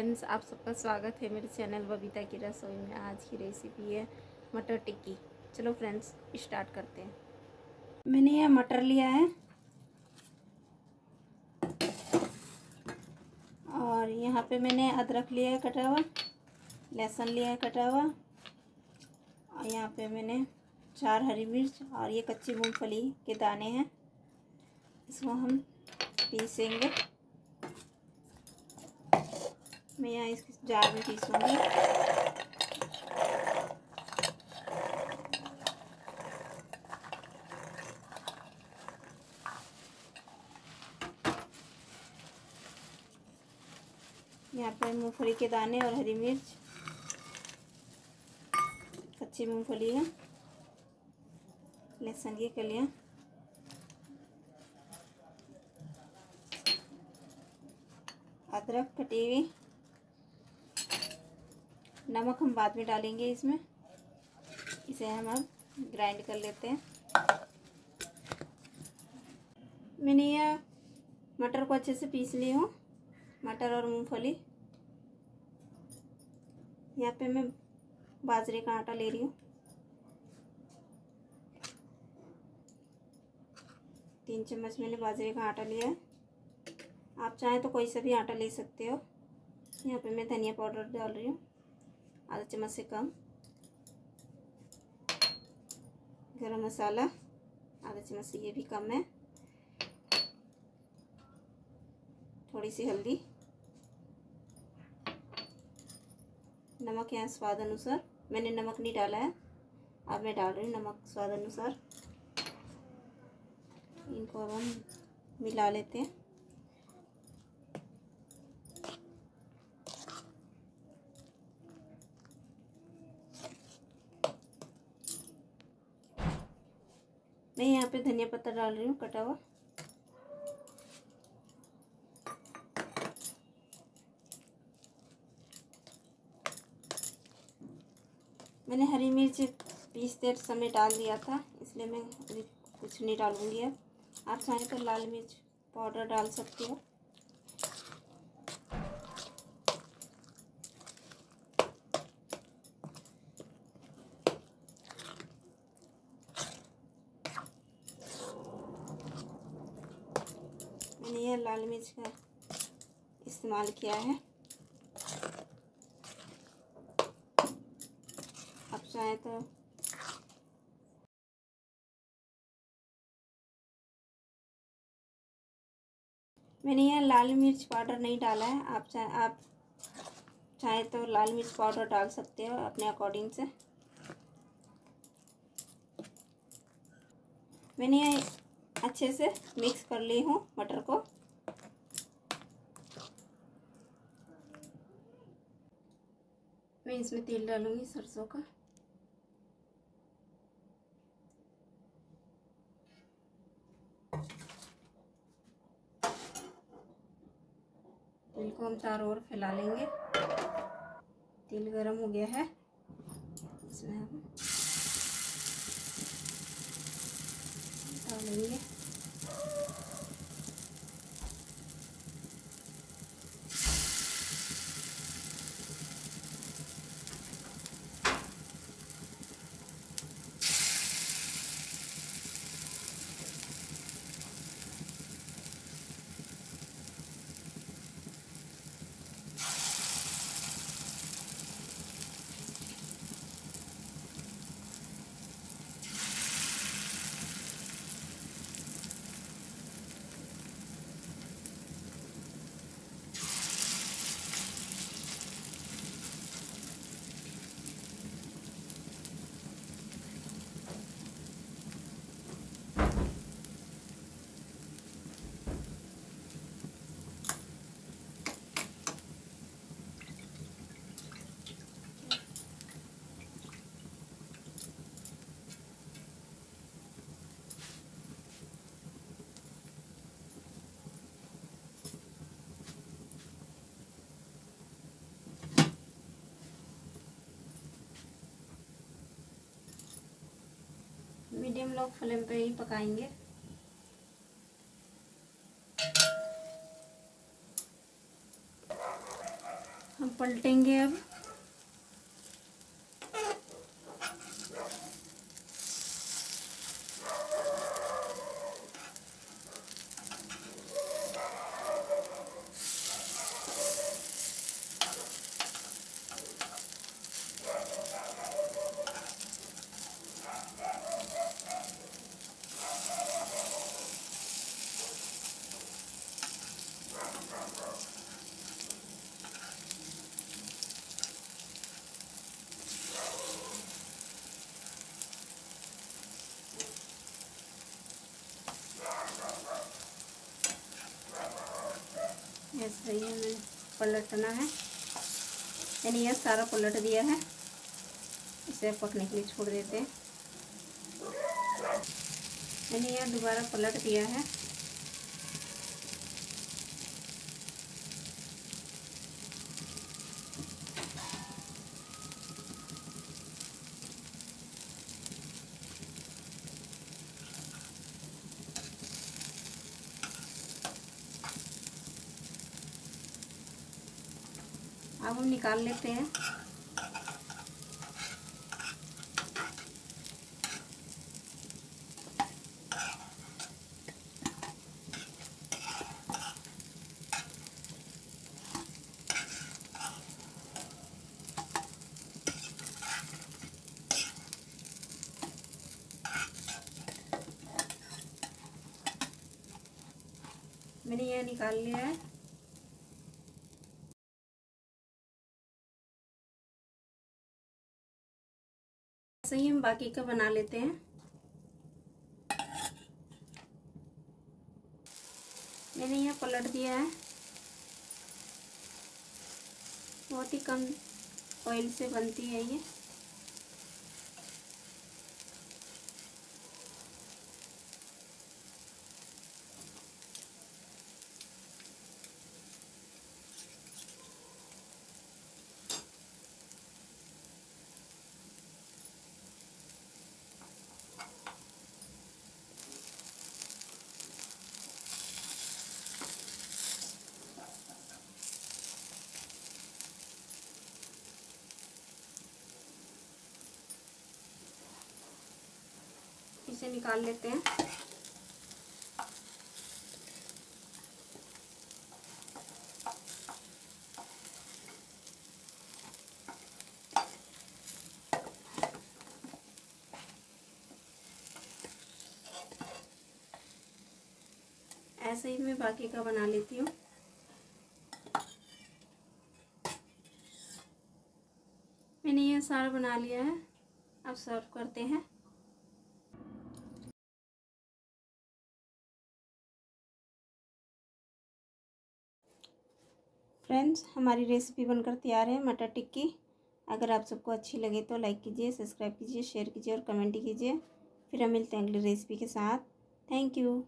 friends आप सबका स्वागत है मेरे चैनल बबीता की रसोई में आज की रेसिपी है मटर टिक्की चलो फ्रेंड्स स्टार्ट करते हैं मैंने यह मटर लिया है और यहाँ पे मैंने अदरक लिया है कटा हुआ लहसुन लिया है कटा हुआ और यहाँ पे मैंने चार हरी मिर्च और ये कच्ची मूंगफली के दाने हैं इसको हम पीसेंगे मैं यहाँ इस जार में पीसूँगी यहाँ पर मूंगफली के दाने और हरी मिर्च कच्ची मूंगफली है लहसुन की कलियाँ अदरक कटी हुई नमक हम बाद में डालेंगे इसमें इसे हम अब ग्राइंड कर लेते हैं मैंने यह मटर को अच्छे से पीस ली हूँ मटर और मूंगफली यहाँ पे मैं बाजरे का आटा ले रही हूँ तीन चम्मच मैंने बाजरे का आटा लिया है आप चाहें तो कोई सा भी आटा ले सकते हो यहाँ पे मैं धनिया पाउडर डाल रही हूँ आधा चम्मच से कम गरम मसाला आधा चम्मच से ये भी कम है थोड़ी सी हल्दी नमक यहाँ स्वाद अनुसार मैंने नमक नहीं डाला है अब मैं डाल रही हूँ नमक स्वाद अनुसार इनको अब हम मिला लेते हैं मैं यहाँ पे धनिया पत्ता डाल रही हूँ कटा हुआ मैंने हरी मिर्च देर समय डाल दिया था इसलिए मैं कुछ नहीं डालूंगी अब आप चाहें तो लाल मिर्च पाउडर डाल सकती हो है लाल मिर्च का इस्तेमाल किया है अब चाहे तो मैंने यह लाल मिर्च पाउडर नहीं डाला है आप चाहे आप चाहे तो लाल मिर्च पाउडर डाल सकते हो अपने अकॉर्डिंग से मैंने यह अच्छे से मिक्स कर ली हूँ मटर को इसमें तेल डालूंगी सरसों का तेल को हम चारों ओर फैला लेंगे तेल गरम हो गया है इसमें हम डालेंगे मीडियम लो फ्लेम पे ही पकाएंगे हम पलटेंगे अब सही है मैंने पलटना है यानी यह सारा पलट दिया है इसे पकने के लिए छोड़ देते हैं यानी यह दोबारा पलट दिया है अब हम निकाल लेते हैं मैंने यह निकाल लिया है सही ही हम बाकी का बना लेते हैं मैंने यह पलट दिया है बहुत ही कम ऑयल से बनती है ये निकाल लेते हैं ऐसे ही मैं बाकी का बना लेती हूँ मैंने यह सारा बना लिया है अब सर्व करते हैं फ्रेंड्स हमारी रेसिपी बनकर तैयार है मटर टिक्की अगर आप सबको अच्छी लगे तो लाइक कीजिए सब्सक्राइब कीजिए शेयर कीजिए और कमेंट कीजिए फिर हम मिलते हैं अगली रेसिपी के साथ थैंक यू